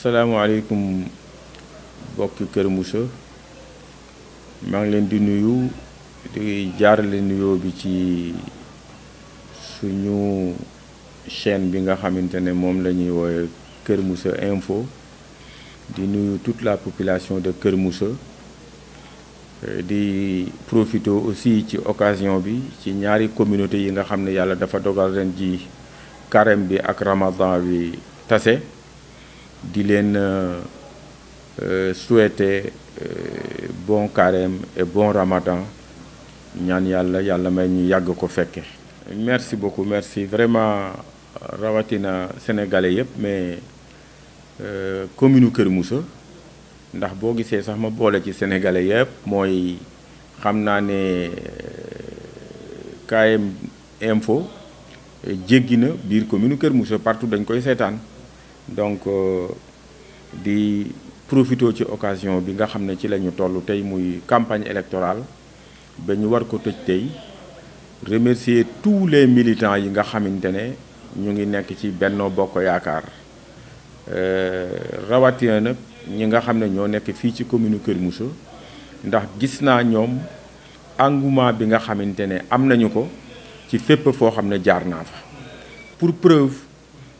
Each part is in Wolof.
asalaamaaleykum bokki Kër Moussa maa leen di nuyu di jaarale nuyo bi ci suñu chaîne bi nga xamante moom la Moussa info di nuyu toute la population de Kër Moussa di profité aussi ci occasion bi ci ñaari communauté yi nga xamné ne dafa dogal ren ji carême bi ak ramadan bi tase di euh, euh, souhaiter euh, bon carême et bon ramadan ñaan yalla yalla may ñu yàgg ko fekke merci beaucoup merci vraiment rawatina sénégalais yëpp mais euh, commune keur Moussa ndax bo gisee sax ma bolé ci sénégalais yëpp moy xamna né ne KM info jéggi na biir commune keur Moussa partout dañ koy sétane donc euh, di de ci occasion bi nga xamné ci la campagne électorale ba ñu remercier tous les militants yi nga xamante ñu ngi nekk ci Benno Bokk euh, ñi nga xamné ño nekk fi ci commune keur Moussa ndax gis engouement bi pour preuve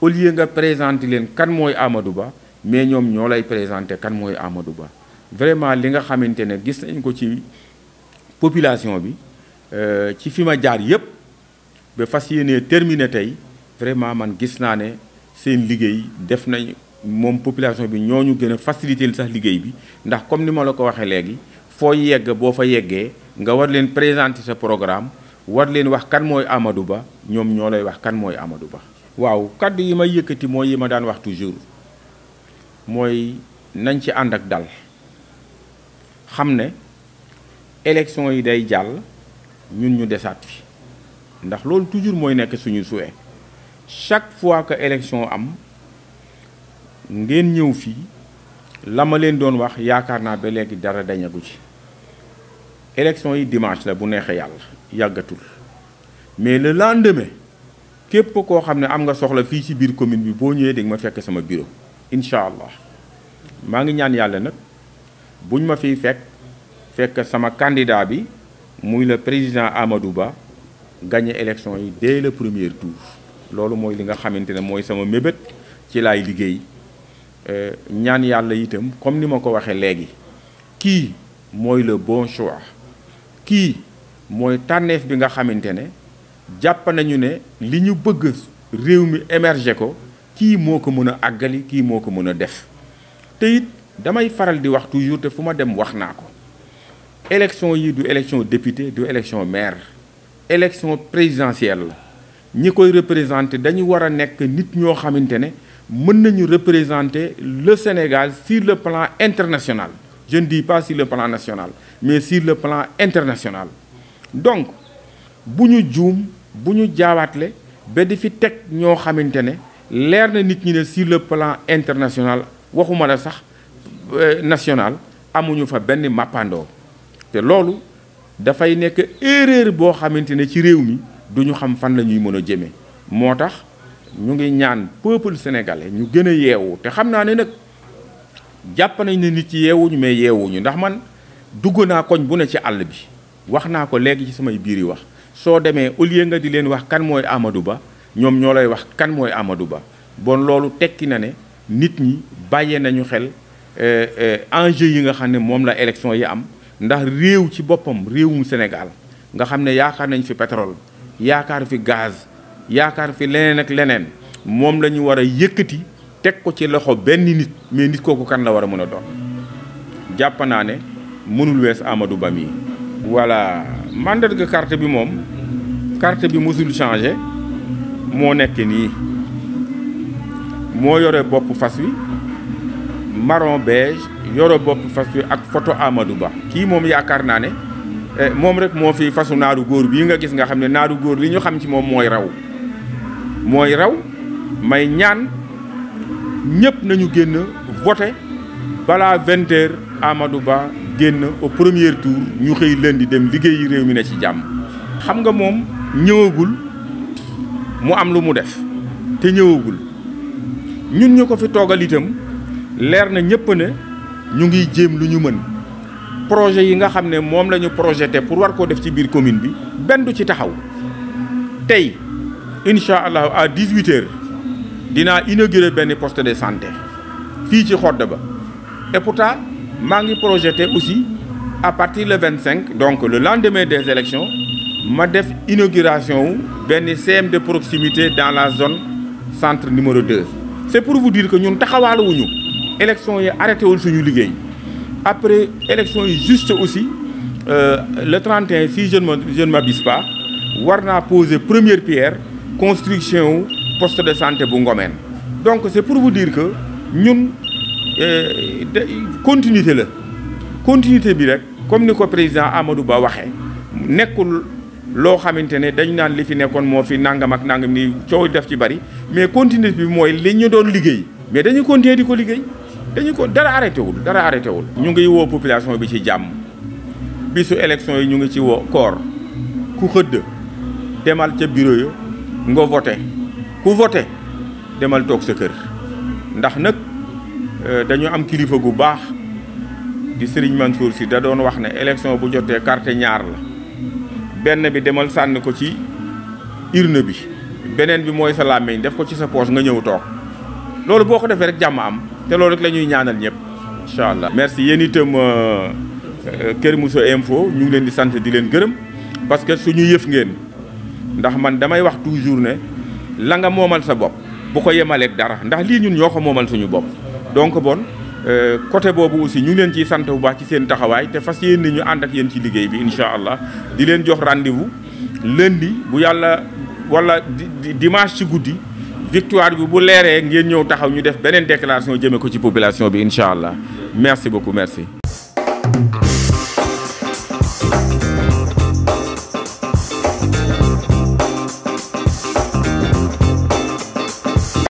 au lieu nga présenter leen kan mooy Amadou Ba mais ñoom ñoo lay présenter kan mooy amadu Ba vraiment li nga xamante ne gis nañ ko ci population bi euh, ci fi ma jaar yépp ba fas yéenee terminé tey vraiment man gis naa ne seen liggéey def nañ moom population bi ñoo ñu gën a facilité li sax liggéey bi ndax comme ni ma la ko waxee léegi foo yegg boo fa yeggee nga war leen présenter sa programme war leen wax kan mooy amadu Ba ñoom ñoo lay wax kan mooy amadu Ba. waaw qui yi m'a yëkkati mooy daan wax toujours mooy nañ ci ànd dal xam ne yi day ñun ñu fi toujours suñu chaque fois que élection am ngeen ñëw fii la ma leen doon wax yaakaar naa ba léegi dara dañagu ci yi dimanche la mais le lendemain képp koo xam ne am nga soxla fii ci biir commune bi ma fekk sama bureau incha allah ngi ñaan buñ ma fiy fekk fekk sama candidat bi muy le président Amadouba, Ba gagné élection dès le premier tour loolu mooy li nga xamante ne sama ci euh, ñaan comme ni kii le bon choix kii mooy tànneef bi jàpp nañu ne li ñu bëgg réew mi émerger ko ki moko mëna agali a moko mëna def te it damay faral di wax toujours te fuma dem wax naa élection yi du élection député du élection maire élection présidentielle ñi koy représenter dañu wara nek nit ñoo ne mën représenter le Sénégal sur le plan international je ne dis pas sur le plan national mais sur le plan international donc buñu joom bu ñu jaawaatle ba di fi teg ñoo xamante ne leer na nit ñi ne sur le plan international waxuma la sax euh, national amuñu fa benn màppandoo te loolu dafay nekk erreur boo xamante ne ci réew mi du ñu xam fan la ñuy mën a jëmee moo tax ñu ngi ñaan peuple sénégalais ñu gën a yeewu te xam naa ne nag jàpp nañ ne nit ci yeewuñu mais yeewuñu ndax man dugg naa koñ bu ne ci àll bi wax naa ko léegi ci samay biir yi wax soo demee au lieu nga di leen wax kan mooy amadu Ba ñoom ñoo lay wax kan mooy amadu Ba bon loolu tekki na ne nit ñi bàyyee nañu xel euh, euh, enjeu yi nga xam ne moom la élection yi am ndax réew ci boppam réewum Sénégal nga xam ne yaakaar nañ fi pétrole yaakaar fi gaz yaakaar fi leneen ak leneen moom lañu ñu war a yëkkati teg ko ci loxo benn nit mais nit kooku kan la war a mën a doon jàpp naa ne mënul wees Amadou Ba mii voilà de carte bi mom carte bi changer mo nek ni mo marron beige yore bop ak photo Amadou Ba Qui mom mis à ne eh, rek mo fi fasu naaru gor bi nga gis nga ne gor xam ci mom moy raw moy raw may ñaan nañu au premier tour ñu xëy leen di dem liggéeyi réew mi ne ci jàmm. xam nga moom ñëwagul mu am lu mu def te ñëwagul ñun ñu ko fi toogal itam leer na ñëpp ne ñu ngi lu ñu projet yi nga pour war koo def ci biir commune bi du ci taxaw à 18h inaugurer poste de santé ci et pourtant je projeté aussi à partir le 25 donc le lendemain des élections ma inauguration d'un CM de proximité dans la zone centre numéro 2. C'est pour vous dire que nous sommes élections arrêté après l'élection juste aussi euh, le 31 si je ne m'abuse pas warna poser première pierre construction poste de santé bu donc c'est pour vous dire que nous, Euh, continuité la continuité bi rek comme ni ko président Amadou Ba waxee nekkul loo xamante ne dañu naan li fi nekkoon moo fi nangam ak nangam ni coow def ci bari mais continuité bi mooy li ñu doon liggéey mais dañu continuer di ko liggéey dañu ko dara arrêté wul dara arrêté wul. ñu ngi woo population bi ci jàmm bi su élection yi ñu ngi ci woo koor ku xëdd demal ca bureau yo nga voté ku voté demal toog sa kër ndax nag. Euh, dañu am kilifa gu baax di Serigne Mansour si da doon wax ne élection bu jotee carte ñaar la benn bi demal sànni ko ci urne bi beneen bi mooy sa làmmiñ def ko ci sa poche nga ñëw toog loolu boo ko defee rek jàmm am te loolu rek la ñuy ñaanal ñëpp incha allah. merci yéen itam euh, euh, Kër Moussa Info ñu ngi leen di sant di leen gërëm parce que suñu yëf ngeen ndax man damay wax toujours ne la nga moomal sa bopp bu ko yemaleeg dara ndax lii ñun ñoo ko moomal suñu bopp. donc bon euh, côté boobu aussi ñu leen ciy sant bu baax ci seen taxawaay te fas yéen ni ñu ànd ak yéen ci liggéey bi incha allah di leen jox rendez-vous lundi bu yàlla wala dimanche ci guddi victoire bi bu leeree ngeen ñëw taxaw ñu def beneen déclaration jëme ko ci population bi incha allah merci beaucoup merci